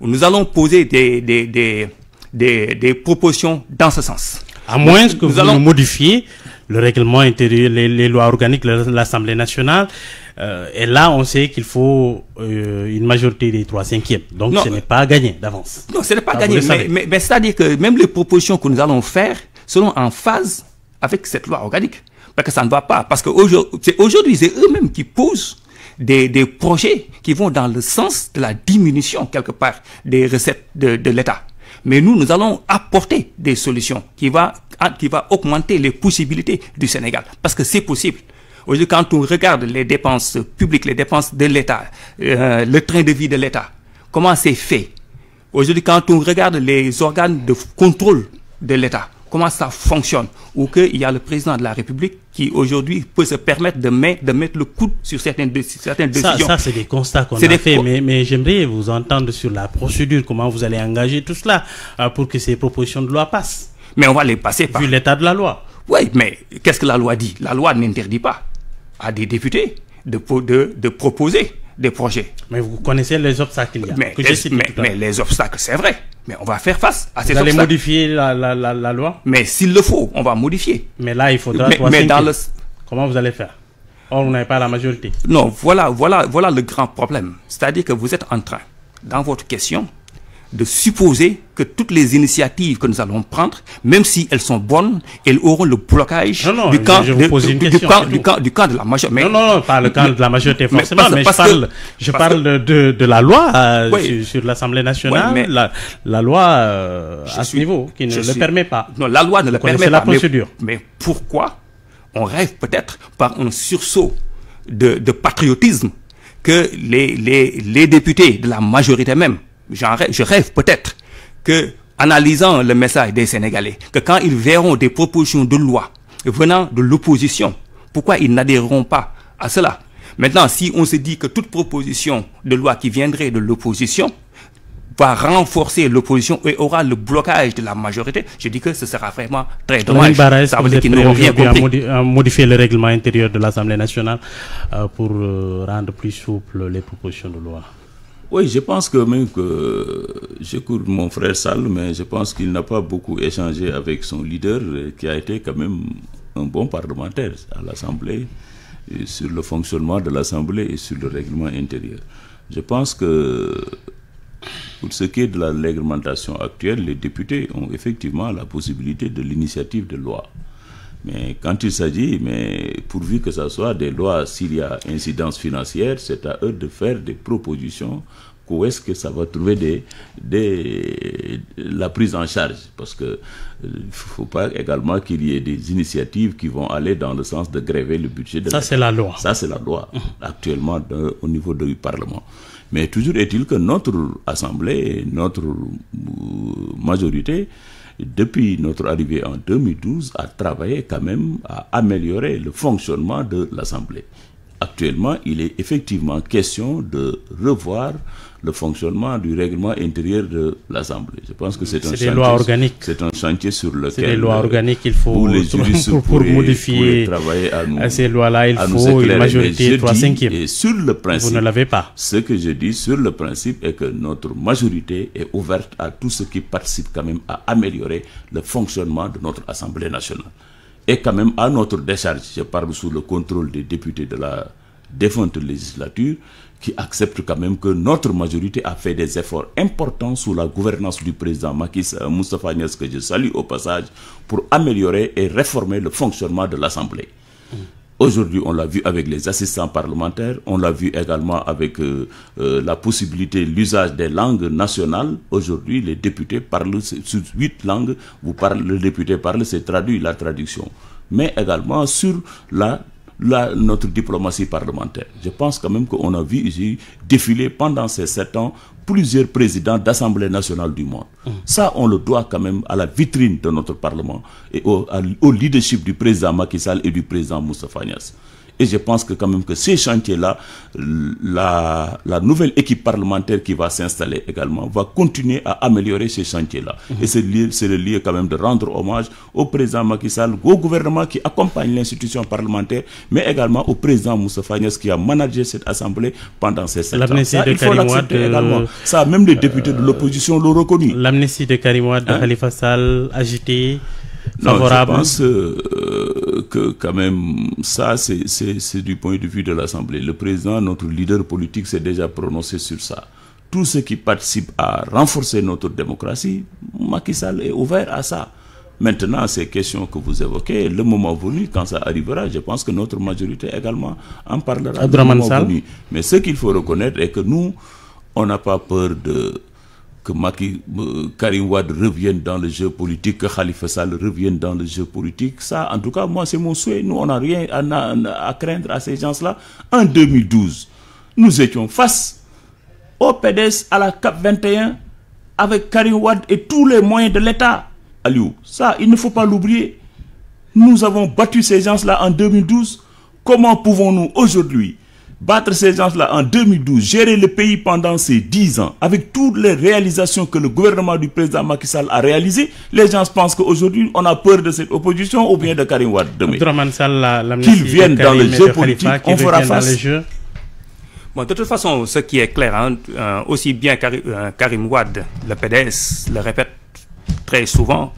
[SPEAKER 3] Nous allons poser des, des, des, des, propositions dans ce sens. À moins que nous vous allons
[SPEAKER 1] modifier le règlement intérieur, les, lois organiques, l'Assemblée nationale. Euh, et là, on sait qu'il faut euh, une majorité des trois cinquièmes. Donc, ce n'est pas gagné d'avance.
[SPEAKER 3] Non, ce n'est pas ah, gagné. Mais, c'est-à-dire que même les propositions que nous allons faire seront en phase avec cette loi organique. Parce que ça ne va pas. Parce qu'aujourd'hui, c'est eux-mêmes qui posent des, projets qui vont dans le sens de la diminution, quelque part, des recettes de l'État. Mais nous, nous allons apporter des solutions qui va, ah, qui va augmenter les possibilités du Sénégal. Parce que c'est possible. Aujourd'hui, quand on regarde les dépenses publiques, les dépenses de l'État, euh, le train de vie de l'État, comment c'est fait Aujourd'hui, quand on regarde les organes de contrôle de l'État, comment ça fonctionne, ou qu'il y a le président de la République qui aujourd'hui peut se permettre de, mettre, le coup sur certaines, certaines décisions. Ça, c'est des constats qu'on a des... fait,
[SPEAKER 1] mais, j'aimerais vous entendre sur la procédure, comment vous allez engager tout
[SPEAKER 3] cela euh, pour que ces propositions de loi passent. Mais on va les passer par... Vu l'état de la loi. Oui, mais qu'est-ce que la loi dit La loi n'interdit pas à des députés de proposer des projets.
[SPEAKER 1] Mais vous connaissez les obstacles qu'il y a. Mais,
[SPEAKER 3] les, obstacles, c'est vrai. Mais on va faire face à ces obstacles. Vous allez
[SPEAKER 1] modifier la, loi
[SPEAKER 3] Mais s'il le faut, on va modifier. Mais là, il faudra... Mais,
[SPEAKER 1] Comment vous allez faire Or, vous n'avez pas la majorité. Non,
[SPEAKER 3] voilà, voilà, voilà le grand problème. C'est-à-dire que vous êtes en train, dans votre question, de supposer que toutes les initiatives que nous allons prendre, même si elles sont bonnes, elles auront le blocage du, camp, de, la majorité. Non, non, non, pas le camp de la majorité forcément, mais,
[SPEAKER 1] je parle, de, la loi euh, sur, l'Assemblée nationale, mais, la, loi
[SPEAKER 3] euh, à ce niveau qui ne le permet pas. Non, la loi ne
[SPEAKER 1] le permet pas. la procédure.
[SPEAKER 3] Mais, pourquoi on rêve peut-être par un sursaut de, patriotisme que les, les députés de la majorité même je rêve peut-être que, analysant le message des Sénégalais, que quand ils verront des propositions de loi venant de l'opposition, pourquoi ils n'adhéreront pas à cela Maintenant, si on se dit que toute proposition de loi qui viendrait de l'opposition va renforcer l'opposition et aura le blocage de la majorité, je dis que ce sera vraiment très dommage. Ça veut dire
[SPEAKER 1] modifier le règlement intérieur de l'Assemblée nationale euh, pour euh, rendre plus souple les propositions de loi.
[SPEAKER 2] Oui, je pense que même que j'écoute mon frère Sall, mais je pense qu'il n'a pas beaucoup échangé avec son leader, euh, qui a été quand même un bon parlementaire à l'Assemblée, sur le fonctionnement de l'Assemblée et sur le règlement intérieur. Je pense que pour ce qui est de la réglementation actuelle, les députés ont effectivement la possibilité de l'initiative de loi. Mais quand il s'agit, mais pourvu que ce soit des lois, s'il y a incidence financière, c'est à eux de faire des propositions. Où est-ce que ça va trouver des, la prise en charge Parce que ne euh, faut pas également qu'il y ait des initiatives qui vont aller dans le sens de gréver le budget de Ça, c'est la loi. Ça, c'est la loi, actuellement, au niveau du Parlement. Mais toujours est-il que notre Assemblée, notre euh, majorité, depuis notre arrivée en 2012, a travaillé quand même à améliorer le fonctionnement de l'Assemblée. Actuellement, il est effectivement question de revoir le fonctionnement du règlement intérieur de l'Assemblée. Je pense que c'est un, chantier, un chantier sur lequel euh, les il faut pour, modifier travailler à, ces lois-là, il faut une majorité 3 5 Et sur le principe, vous ne l'avez pas. Ce que je dis sur le principe est que notre majorité est ouverte à tout ce qui participe quand même à améliorer le fonctionnement de notre Assemblée nationale. Et quand même à notre décharge, je parle sous le contrôle des députés de la défunte législature, qui accepte quand même que notre majorité a fait des efforts importants sous la gouvernance du président Macky Moustapha Nias, que je salue au passage, pour améliorer et réformer le fonctionnement de l'Assemblée. Aujourd'hui, on l'a vu avec les assistants parlementaires, on l'a vu également avec euh, euh, la possibilité, l'usage des langues nationales. Aujourd'hui, les députés parlent sur huit langues, vous parlez, le député parle, c'est traduit, la traduction mais également sur la notre diplomatie parlementaire. Je pense quand même qu'on a vu ici défiler pendant ces sept ans plusieurs présidents d'Assemblée nationale du monde. Ça, on le doit quand même à la vitrine de notre Parlement et au, leadership du président Macky Sall et du président Moustapha et je pense que quand même que ces chantiers-là, la, nouvelle équipe parlementaire qui va s'installer également va continuer à améliorer ces chantiers-là. Mhm. Et c'est le lieu quand même de rendre hommage au président Macky Sall, au gouvernement qui accompagne l'institution parlementaire, mais également au président Moussa Fagnès qui a managé cette assemblée pendant ces sept ans. Ça, de euh, Ça, même les députés de euh, l'opposition l'ont reconnu. L'amnistie
[SPEAKER 1] de karimouad de hein? Khalifa Sall, agitée non, Je pense
[SPEAKER 2] euh, que quand même, ça, c'est du point de vue de l'Assemblée. Le président, notre leader politique, s'est déjà prononcé sur ça. Tout ceux qui participent à renforcer notre démocratie, Makissal est ouvert à ça. Maintenant, ces questions que vous évoquez, le moment venu, quand ça arrivera, je pense que notre majorité également en parlera. Le moment Mais ce qu'il faut reconnaître est que nous, on n'a pas peur de que Maki, euh, Karim Wad revienne dans le jeu politique, que Khalifa Sall revienne dans le jeu politique. Ça, en tout cas, moi, c'est mon souhait. Nous, on n'a rien à, craindre à ces gens-là. En 2012, nous étions face au PDS à la CAP 21 avec Karim Wad et tous les moyens de l'État. Aliou, ça, il ne faut pas l'oublier. Nous avons battu ces gens-là en 2012. Comment pouvons-nous aujourd'hui Battre ces gens-là en 2012, gérer le pays pendant ces 10 ans, avec toutes les réalisations que le gouvernement du président Macky Sall a réalisées, les gens pensent qu'aujourd'hui, on a peur de cette opposition ou bien de Karim Ouad.
[SPEAKER 1] Qu'ils viennent dans le jeu politique, on fera face. de
[SPEAKER 3] toute façon, ce qui est clair, hein, euh, aussi bien euh, Karim, Ouad, le PDS, le répète très souvent,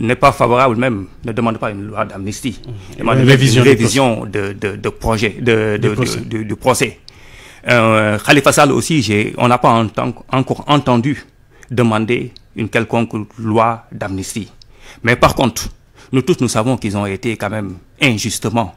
[SPEAKER 3] n'est pas favorable même, ne demande pas une loi d'amnistie, mmh. une révision, de, de, projet, de, de Du, procès. Euh, Khalifa Sal aussi, on n'a pas encore entendu demander une quelconque loi d'amnistie. Mais par contre, nous tous, nous savons qu'ils ont été quand même injustement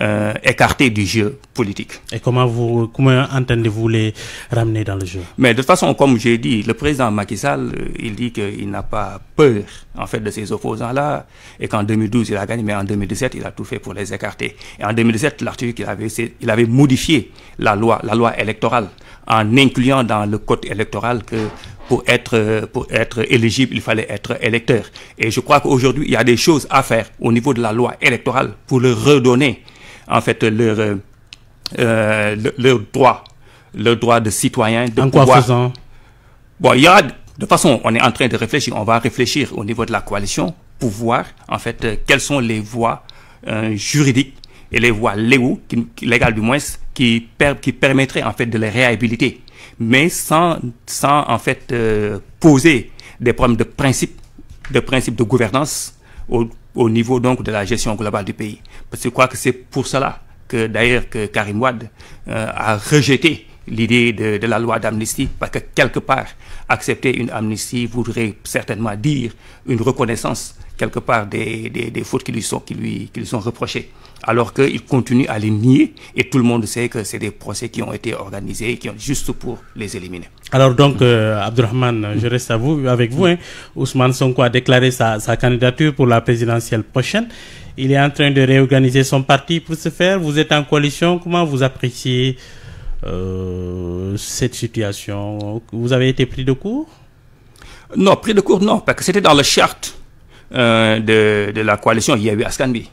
[SPEAKER 3] euh, écartés du jeu politique. Et comment vous comment
[SPEAKER 1] entendez-vous les ramener dans le jeu
[SPEAKER 3] Mais de toute façon, comme j'ai dit, le président Macky Sall, euh, il dit qu'il n'a pas peur en fait de ses opposants là, et qu'en 2012 il a gagné, mais en 2017 il a tout fait pour les écarter. Et en 2017, l'article qu'il avait, il avait modifié la loi, la loi électorale en incluant dans le code électoral que pour être, pour être éligible, il fallait être électeur. Et je crois qu'aujourd'hui, il y a des choses à faire au niveau de la loi électorale pour leur redonner, en fait, leur, euh, euh, droit, leur droit de citoyen. De en quoi faisant Bon, il y a, de façon, on est en train de réfléchir, on va réfléchir au niveau de la coalition pour voir, en fait, euh, quelles sont les voies juridiques et les voies légales du moins, qui, qui permettrait en fait de les réhabiliter, mais sans, sans en fait euh, poser des problèmes de principe, de principe de gouvernance au, niveau donc de la gestion globale du pays. Parce que je crois que c'est pour cela que d'ailleurs que Karim Wad euh, a rejeté l'idée de, la loi d'amnistie, parce que quelque part, accepter une amnistie voudrait certainement dire une reconnaissance quelque part des, des, des fautes qui lui sont, qui lui, qui lui sont reprochées alors qu'ils continue à les nier et tout le monde sait que c'est des procès qui ont été organisés qui ont juste pour les éliminer.
[SPEAKER 1] Alors donc, euh, Abdurrahman, je reste à vous, avec vous. Hein. Ousmane Sonko a déclaré sa, candidature pour la présidentielle prochaine. Il est en train de réorganiser son parti pour se faire. Vous êtes en coalition. Comment vous appréciez euh, cette situation Vous avez été pris de court
[SPEAKER 3] Non, pris de court, non, parce que c'était dans la charte euh, de, la coalition. Il y a eu Askanbi.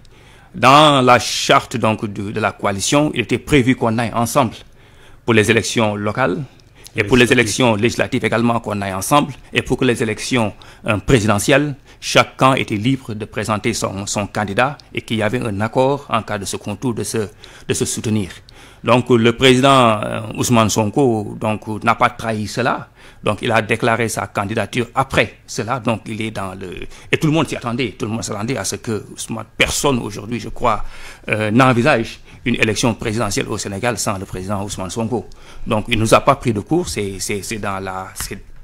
[SPEAKER 3] Dans la charte de, la coalition, il était prévu qu'on aille ensemble pour les élections locales et pour les élections législatives également qu'on aille ensemble et pour que les élections euh, présidentielles, chacun était libre de présenter son, candidat et qu'il y avait un accord en cas de ce contour de se, soutenir. Donc le président euh, Ousmane Sonko donc n'a pas trahi cela. Donc il a déclaré sa candidature après cela, donc il est dans le... Et tout le monde s'y attendait, tout le monde s'attendait à ce que personne aujourd'hui, je crois, euh, n'envisage une élection présidentielle au Sénégal sans le président Ousmane Sonko. Donc il ne nous a pas pris de cours, c'est dans la...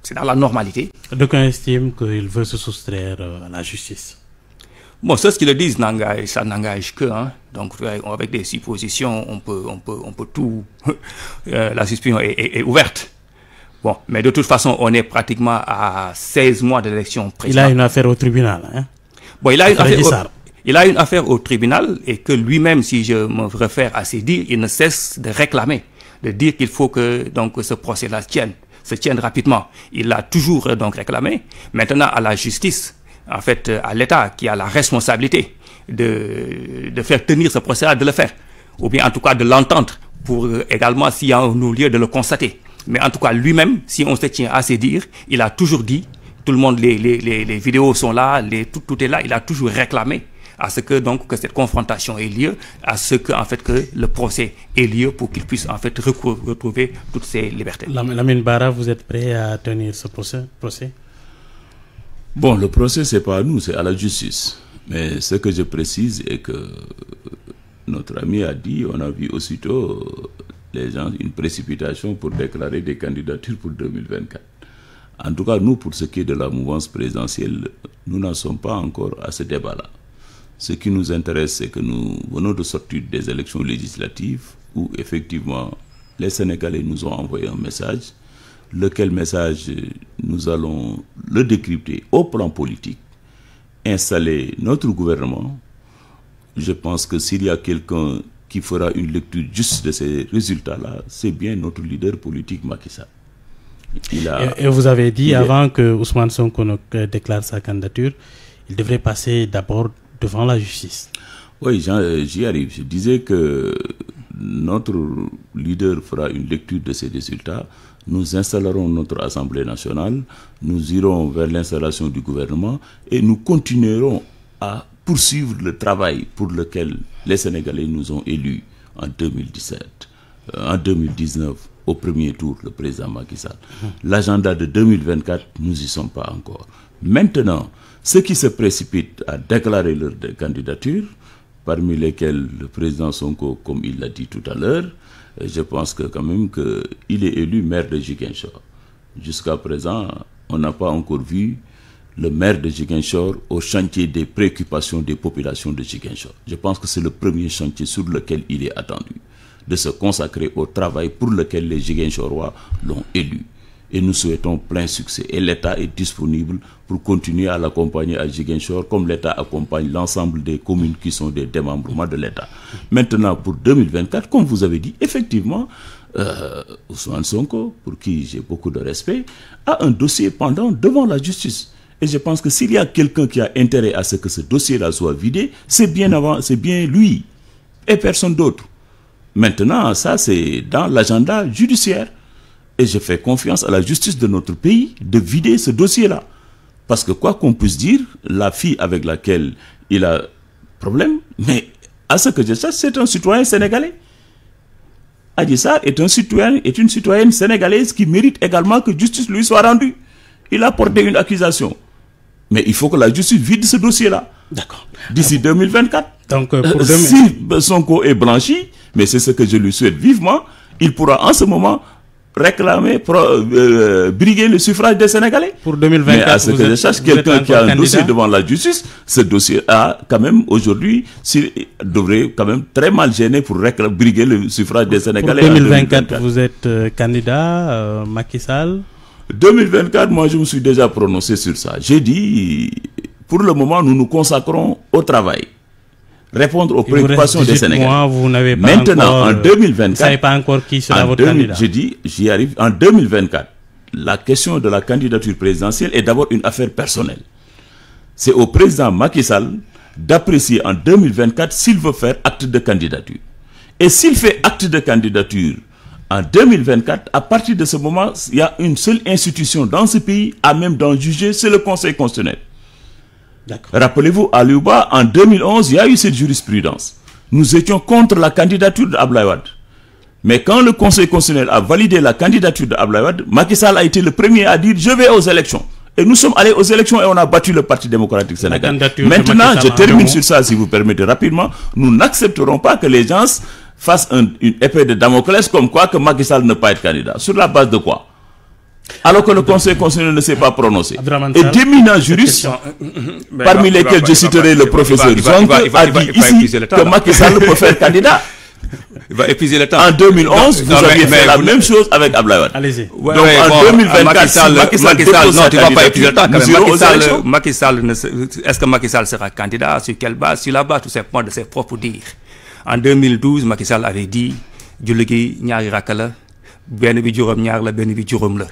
[SPEAKER 3] C'est dans la normalité.
[SPEAKER 1] D'aucuns estiment
[SPEAKER 3] qu'il veut se soustraire euh, à la justice. Bon, ce qu'ils disent, ça n'engage que. Hein. Donc, avec des suppositions, on peut, on peut, on peut tout. Euh, la suspicion est ouverte. Bon, mais de toute façon, on est pratiquement à 16 mois d'élection présidentielle. Il a
[SPEAKER 1] une affaire au tribunal. Hein? Bon, il a une affaire.
[SPEAKER 3] Au, il a une affaire au tribunal et que lui-même, si je me réfère à ses dires, il ne cesse de réclamer, de dire qu'il faut que donc ce procès-là tienne, se tienne rapidement. Il l'a toujours euh, donc réclamé. Maintenant, à la justice, en fait, euh, à l'État qui a la responsabilité de, de faire tenir ce procès-là, de le faire, ou bien en tout cas de l'entendre pour euh, également s'il y a un lieu de le constater. Mais en tout cas, lui-même, si on se tient à ses dires, il a toujours dit, tout le monde, les, vidéos sont là, les, tout, tout est là, il a toujours réclamé à ce que donc que cette confrontation ait lieu, à ce que en fait que le procès ait lieu pour qu'il puisse en fait retrouver toutes ses libertés.
[SPEAKER 1] Lamine Barra, vous êtes prêt à tenir ce procès,
[SPEAKER 2] Bon, le procès c'est pas à nous, c'est à la justice. Mais ce que je précise est que notre ami a dit, on a vu aussitôt les gens une précipitation pour déclarer des candidatures pour 2024. En tout cas, nous, pour ce qui est de la mouvance présidentielle, nous n'en sommes pas encore à ce débat-là. Ce qui nous intéresse, c'est que nous venons de sortir des élections législatives où, effectivement, les Sénégalais nous ont envoyé un message, lequel message nous allons le décrypter au plan politique, installer notre gouvernement. Je pense que s'il y a quelqu'un qui fera une lecture juste de ces résultats-là, c'est bien notre leader politique Macky et, vous avez dit avant
[SPEAKER 1] que Ousmane Sonko euh, déclare sa candidature, il devrait passer d'abord devant la justice.
[SPEAKER 2] Oui, euh, j'y arrive. Je disais que notre leader fera une lecture de ces résultats. Nous installerons notre Assemblée nationale, nous irons vers l'installation du gouvernement et nous continuerons à poursuivre le travail pour lequel les Sénégalais nous ont élus en 2017, euh, en 2019, au premier tour, le président Macky Sall. Mmh. L'agenda de 2024, nous n'y sommes pas encore. Maintenant, ceux qui se précipitent à déclarer leur candidature, parmi lesquels le président Sonko, comme il l'a dit tout à l'heure, euh, je pense que quand même qu'il est élu maire de Jigenshaw. Jusqu'à présent, on n'a pas encore vu le maire de Jigenshore au chantier des préoccupations des populations de Jigenshore. Je pense que c'est le premier chantier sur lequel il est attendu, de se consacrer au travail pour lequel les Jigenshorois l'ont élu. Et nous souhaitons plein succès. Et l'État est disponible pour continuer à l'accompagner à Jigenshore comme l'État accompagne l'ensemble des communes qui sont des démembrements de l'État. Maintenant, pour 2024, comme vous avez dit, effectivement, euh, Ousmane Sonko, pour qui j'ai beaucoup de respect, a un dossier pendant devant la justice. Et je pense que s'il y a quelqu'un qui a intérêt à ce que ce dossier-là soit vidé, c'est bien, avant, bien lui et personne d'autre. Maintenant, ça, c'est dans l'agenda judiciaire. Et je fais confiance à la justice de notre pays de vider ce dossier-là. Parce que quoi qu'on puisse dire, la fille avec laquelle il a problème, mais à ce que je sache, c'est un citoyen sénégalais. Adissar est, un citoyen, est une citoyenne sénégalaise qui mérite également que justice lui soit rendue. Il a porté une accusation. Mais il faut que la justice vide ce dossier-là. D'accord. D'ici 2024. Ah Donc, si euh, euh, son Si Sonko est blanchi, mais c'est ce que je lui souhaite vivement, il pourra en ce moment réclamer, euh, briguer le suffrage des Sénégalais. Pour 2024, Mais à ce que je sache, quelqu'un qui a un dossier devant la justice, ce dossier a quand même aujourd'hui, devrait quand même très mal gêner pour briguer le suffrage des Sénégalais. Pour 2024,
[SPEAKER 1] vous êtes candidat, Macky Sall
[SPEAKER 2] 2024, moi, je me suis déjà prononcé sur ça. J'ai dit, pour le moment, nous nous consacrons au travail. Répondre aux préoccupations des Sénégalais. vous n'avez pas Maintenant, encore, en 2024... Euh, pas
[SPEAKER 1] encore qui sera votre candidat. J'ai
[SPEAKER 2] dit, j'y arrive. En 2024, la question de la candidature présidentielle est d'abord une affaire personnelle. C'est au président Macky Sall d'apprécier en 2024 s'il veut faire acte de candidature. Et s'il fait acte de candidature en 2024, à partir de ce moment, il y a une seule institution dans ce pays à même d'en juger, c'est le Conseil constitutionnel. Rappelez-vous, à Liouba, en 2011, il y a eu cette jurisprudence. Nous étions contre la candidature d'Ablaïwad. Mais quand le Conseil constitutionnel a validé la candidature d'Ablaïwad, Macky Sall a été le premier à dire « je vais aux élections ». Et nous sommes allés aux élections et on a battu le Parti démocratique sénégalais. Maintenant, je termine sur ça, si vous permettez rapidement. Nous n'accepterons pas que les gens fasse un, une épée de Damoclès comme quoi que Macky Sall ne peut pas être candidat. Sur la base de quoi alors que le Conseil constitutionnel ne s'est pas prononcé. Et d'éminents juristes, euh, euh, euh, parmi lesquels je citerai le professeur Zong, a dit ici que Macky Sall peut faire candidat. Il va épuiser le temps. En 2011, vous aviez fait la même chose
[SPEAKER 3] avec Ablaïwad. Allez-y. Donc en 2024, Sall, Macky Sall, non, tu ne vas pas épuiser le temps. Quand même. Macky Sall, est-ce que Macky Sall sera candidat Sur quelle base Sur la base tout simplement de ses propres dires. en 2012 Macky Sall avait dit julli gi ñaari rakk la benn bi juróom-ñaar la benn bi juróom la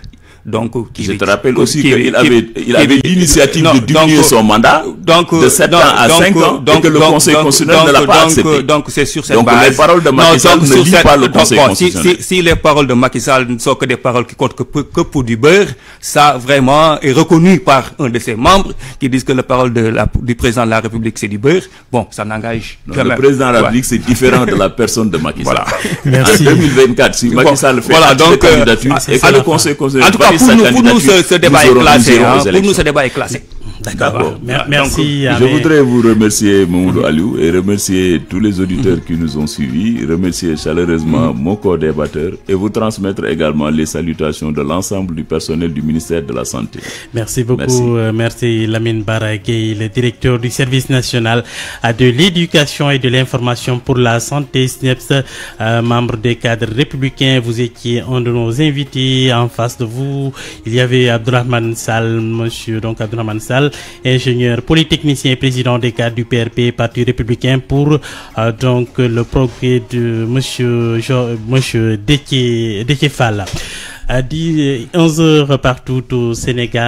[SPEAKER 3] Je te rappelle aussi qu'il avait, l'initiative de diminuer son mandat
[SPEAKER 2] de 7 ans à 5 ans donc, et que le Conseil constitutionnel ne l'a pas accepté. Donc, c'est sur cette base. donc, les paroles de Macky Sall ne lient pas le Conseil constitutionnel.
[SPEAKER 3] Si, les paroles de Macky Sall ne sont que des paroles qui comptent que pour, du beurre, ça vraiment est reconnu par un de ses membres qui disent que les paroles du président de la République, c'est du beurre. Bon, ça n'engage Le président de la République, c'est différent de la
[SPEAKER 2] personne de Macky Sall. En 2024, si Macky Sall fait voilà, donc, euh, candidature, ah, et que le Conseil constitutionnel pour nous, pour nous, ce, ce débat est classé. Hein, pour nous,
[SPEAKER 3] ce débat D'accord. Ah, merci. je voudrais
[SPEAKER 2] vous remercier, Mamoudou Aliou, et remercier tous les auditeurs qui nous ont suivis, remercier chaleureusement mm. mon co-débatteur et vous transmettre également les salutations de l'ensemble du personnel du ministère de la Santé. Merci beaucoup.
[SPEAKER 1] Merci, euh, Lamine Baragay, le directeur du service national de l'éducation et de l'information pour la santé, SNEPS, e euh, membre des cadres républicains. Vous étiez un de nos invités en face de vous. Il y avait Abdurrahman Sal, monsieur donc Abdurrahman Sal ingénieur polytechnicien et président des cadres du PRP, Parti républicain, pour euh, donc le progrès de Monsieur, monsieur À 11h partout au Sénégal.